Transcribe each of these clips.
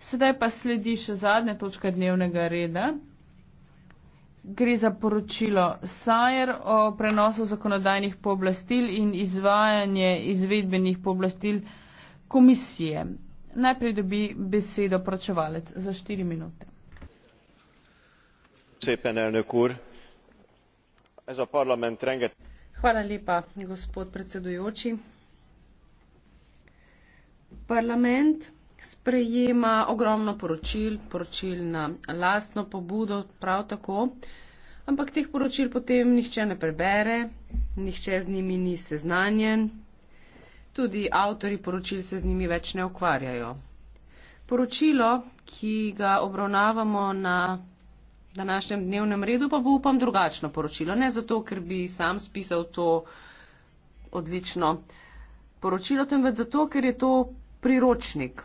Sedaj pa sledi še zadnja točka dnevnega reda. Gre za poročilo Sajer o prenosu zakonodajnih pooblastil in izvajanje izvedbenih pooblastil komisije. Najprej dobi besedo pročevalec za štiri minute. Hvala lepa, gospod predsedujoči. Parlament sprejema ogromno poročil, poročil na lastno pobudo, prav tako, ampak teh poročil potem nihče ne prebere, nihče z njimi ni seznanjen, tudi avtori poročil se z njimi več ne ukvarjajo. Poročilo, ki ga obravnavamo na današnjem dnevnem redu, pa bo upam drugačno poročilo. Ne zato, ker bi sam spisal to odlično poročilo, temveč zato, ker je to priročnik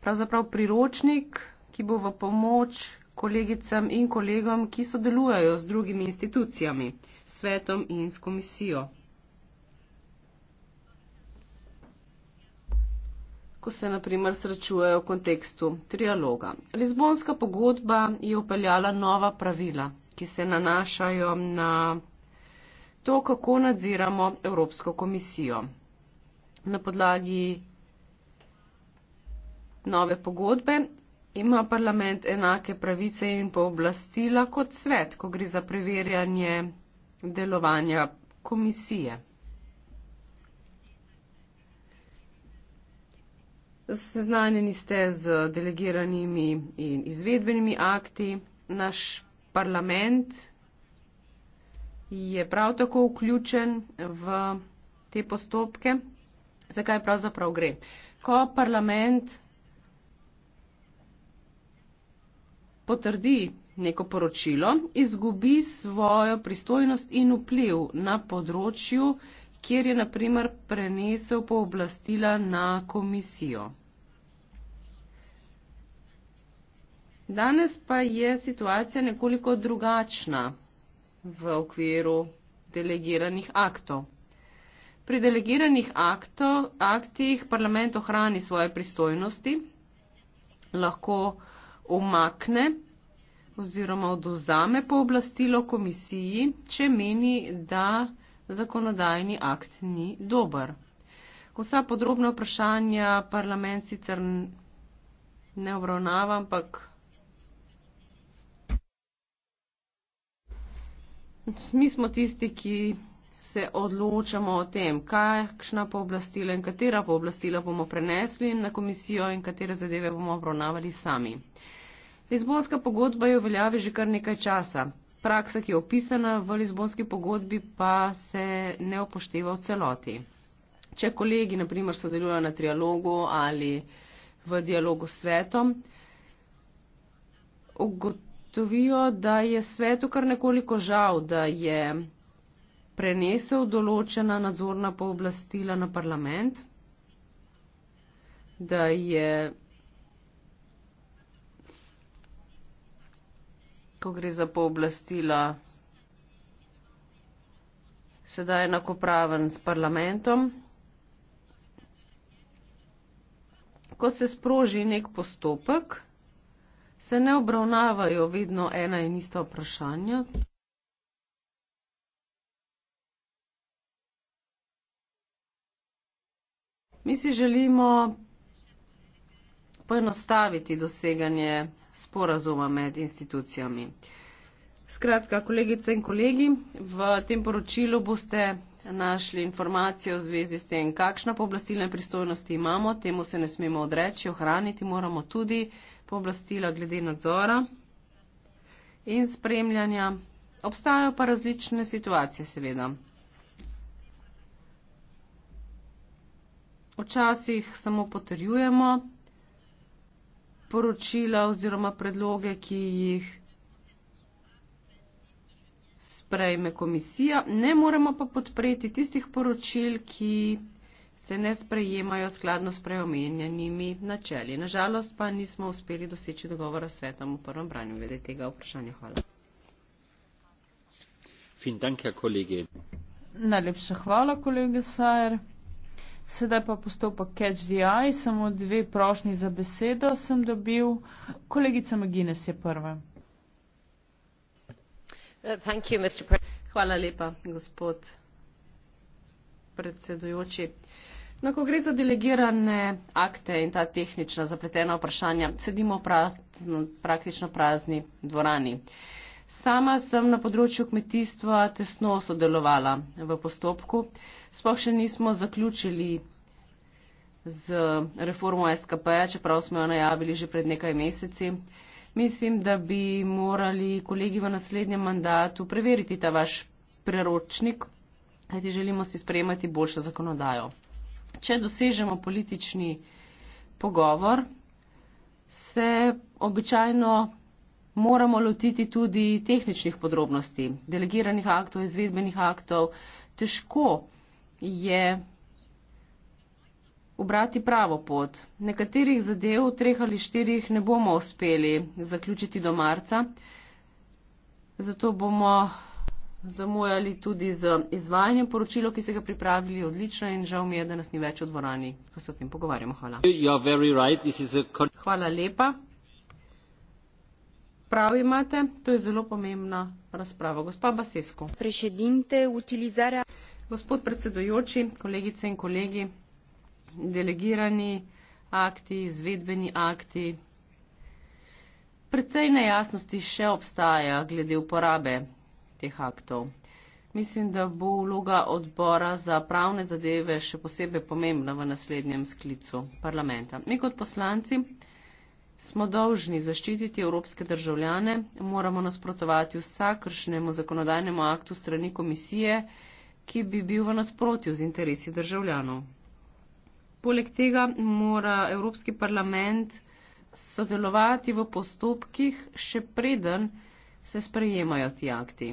pravzaprav priročnik, ki bo v pomoč kolegicam in kolegom, ki sodelujejo z drugimi institucijami, svetom in s komisijo. ko se naprimer srečujejo v kontekstu trialoga. Lizbonska pogodba je upeljala nova pravila, ki se nanašajo na to, kako nadziramo Evropsko komisijo. Na podlagi nove pogodbe, ima parlament enake pravice in pooblastila kot svet, ko gre za preverjanje delovanja komisije. Seznanjeni ste z delegiranimi in izvedbenimi akti. Naš parlament je prav tako vključen v te postopke. Zakaj pravzaprav gre? Ko parlament potrdi neko poročilo, izgubi svojo pristojnost in vpliv na področju, kjer je naprimer prenesel pooblastila na komisijo. Danes pa je situacija nekoliko drugačna v okviru delegiranih aktov. Pri delegiranih akto, aktih parlament ohrani svoje pristojnosti, lahko omakne oziroma oduzame pooblastilo komisiji, če meni, da zakonodajni akt ni dober. Vsa podrobna vprašanja parlament sicer ne obravnava, ampak mi smo tisti, ki se odločamo o tem, kakšna pooblastila in katera pooblastila bomo prenesli na komisijo in katere zadeve bomo obravnavali sami. Lizbonska pogodba je v veljavi že kar nekaj časa. Praksa, ki je opisana v Lizbonski pogodbi, pa se ne upošteva v celoti. Če kolegi, naprimer, sodelujo na trialogu ali v dialogu s svetom, ugotovijo, da je svetu kar nekoliko žal, da je prenesel določena nadzorna pooblastila na parlament, da je ko gre za pooblastila, sedaj enakopraven s parlamentom. Ko se sproži nek postopek, se ne obravnavajo vedno ena in ista vprašanja. Mi si želimo poenostaviti doseganje sporazuma med institucijami. Skratka, kolegice in kolegi, v tem poročilu boste našli informacije v zvezi s tem, kakšna pooblastilna pristojnosti imamo, temu se ne smemo odreči, ohraniti moramo tudi pooblastila glede nadzora in spremljanja. Obstajajo pa različne situacije, seveda. Včasih samo potrjujemo poročila oziroma predloge, ki jih sprejme komisija. Ne moremo pa podpreti tistih poročil, ki se ne sprejemajo skladno s preomenjenimi načeli. Nažalost pa nismo uspeli doseči dogovora s svetom v prvem branju glede tega vprašanja. Hvala. Najlepša hvala, kolega Sajer. Sedaj pa postopek Catch the Eye, samo dve prošnji za besedo sem dobil. Kolegica McGuinness je prva. Uh, you, Hvala lepa, gospod predsedujoči. No, ko gre za delegirane akte in ta tehnična zapletena vprašanja, sedimo prazno, praktično prazni dvorani. Uh, Sama sem na področju kmetijstva tesno sodelovala v postopku. Sploh še nismo zaključili z reformo SKP, čeprav smo jo najavili že pred nekaj meseci. Mislim, da bi morali kolegi v naslednjem mandatu preveriti ta vaš preročnik, kajti želimo si sprejemati boljšo zakonodajo. Če dosežemo politični pogovor, se običajno moramo lotiti tudi tehničnih podrobnosti, delegiranih aktov, izvedbenih aktov. Težko je obrati pravo pot. Nekaterih zadev, treh ali štirih, ne bomo uspeli zaključiti do marca, zato bomo zamujali tudi z izvajanjem poročilo, ki se ga pripravili odlično in žal mi je, da nas ni več v dvorani, ko se o tem pogovarjamo. Hvala. Hvala lepa prav imate, to je zelo pomembna razprava. Gospa Basesko. Prešedinte, utilizara. Gospod predsedujoči, kolegice in kolegi, delegirani akti, izvedbeni akti. Predvsej nejasnosti še obstaja glede uporabe teh aktov. Mislim, da bo vloga odbora za pravne zadeve še posebej pomembna v naslednjem sklicu parlamenta. Mi kot poslanci smo dolžni zaščititi evropske državljane, moramo nasprotovati vsakršnemu zakonodajnemu aktu strani komisije, ki bi bil v nasprotju z interesi državljanov. Poleg tega mora Evropski parlament sodelovati v postopkih še preden se sprejemajo ti akti.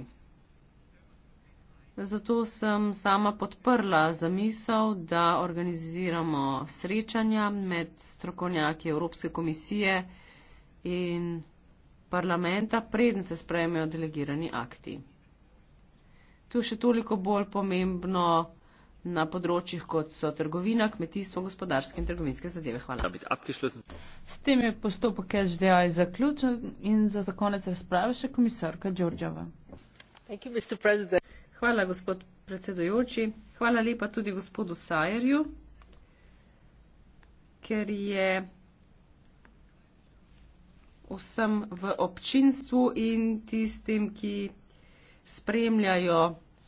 Zato sem sama podprla zamisel, da organiziramo srečanja med strokovnjaki Evropske komisije in parlamenta, preden se sprejmejo delegirani akti. To je še toliko bolj pomembno na področjih, kot so trgovina, kmetijstvo, gospodarske in trgovinske zadeve. Hvala. S tem je postopek SDA zaključen in za zakonec razprave še komisarka Đorđava. Thank you, Mr. President. Hvala, gospod predsedujoči. Hvala lepa tudi gospodu Sajerju, ker je vsem v občinstvu in tistim, ki spremljajo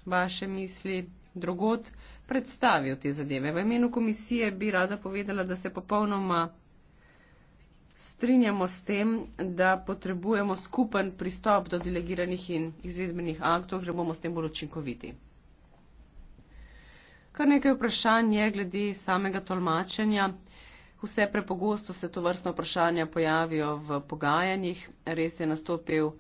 vaše misli drugot, predstavil te zadeve. V imenu komisije bi rada povedala, da se popolnoma strinjamo s tem, da potrebujemo skupen pristop do delegiranih in izvedbenih aktov, ker bomo s tem bolj učinkoviti. Kar nekaj vprašanj je glede samega tolmačenja. Vse prepogosto se to vrstno vprašanje pojavijo v pogajanjih. Res je nastopil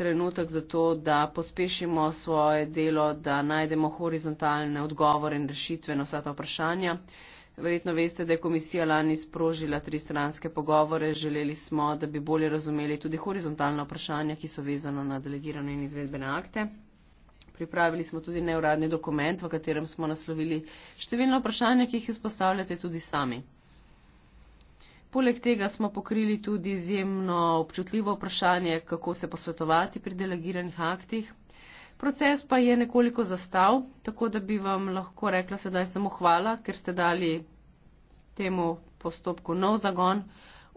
trenutek za to, da pospešimo svoje delo, da najdemo horizontalne odgovore in rešitve na vsa ta vprašanja. Verjetno veste, da je komisija lani sprožila tristranske pogovore. Želeli smo, da bi bolje razumeli tudi horizontalna vprašanja, ki so vezana na delegirane in izvedbene akte. Pripravili smo tudi neuradni dokument, v katerem smo naslovili številno vprašanje, ki jih izpostavljate tudi sami. Poleg tega smo pokrili tudi izjemno občutljivo vprašanje, kako se posvetovati pri delegiranih aktih. Proces pa je nekoliko zastav, tako da bi vam lahko rekla sedaj samo hvala, ker ste dali temu postopku nov zagon.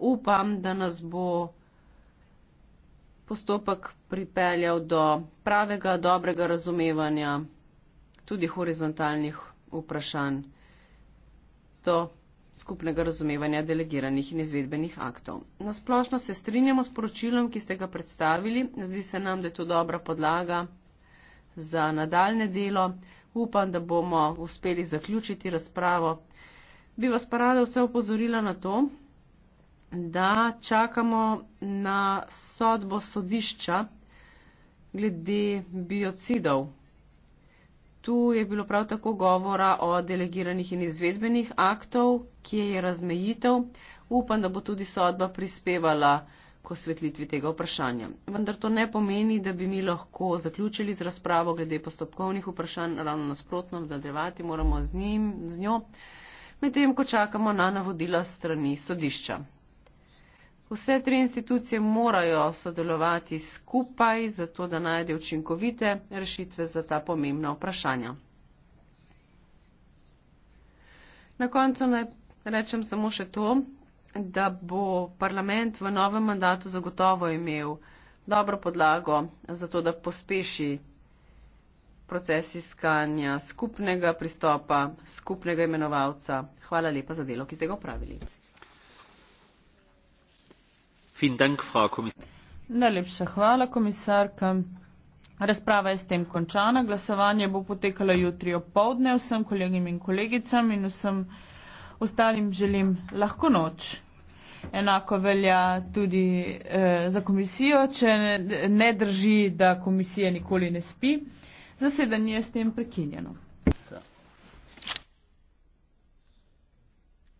Upam, da nas bo postopek pripeljal do pravega, dobrega razumevanja tudi horizontalnih vprašanj, do skupnega razumevanja delegiranih in izvedbenih aktov. Nasplošno se strinjamo s poročilom, ki ste ga predstavili. Zdi se nam, da je to dobra podlaga za nadaljne delo. Upam, da bomo uspeli zaključiti razpravo. Bi vas pa rada vse upozorila na to, da čakamo na sodbo sodišča glede biocidov. Tu je bilo prav tako govora o delegiranih in izvedbenih aktov, kje je razmejitev. Upam, da bo tudi sodba prispevala k osvetlitvi tega vprašanja. Vendar to ne pomeni, da bi mi lahko zaključili z razpravo glede postopkovnih vprašanj, ravno nasprotno, nadaljevati moramo z, njim, z njo, medtem ko čakamo na navodila strani sodišča. Vse tri institucije morajo sodelovati skupaj, zato da najde učinkovite rešitve za ta pomembna vprašanja. Na koncu naj rečem samo še to, da bo parlament v novem mandatu zagotovo imel dobro podlago za to, da pospeši proces iskanja skupnega pristopa, skupnega imenovalca. Hvala lepa za delo, ki ste ga upravili. Najlepša hvala, komisarka. Razprava je s tem končana. Glasovanje bo potekalo jutri opoldne vsem kolegim in kolegicam in vsem ostalim želim lahko noč. Enako velja tudi eh, za komisijo, če ne, ne drži, da komisija nikoli ne spi. Zasedanje je s tem prekinjeno.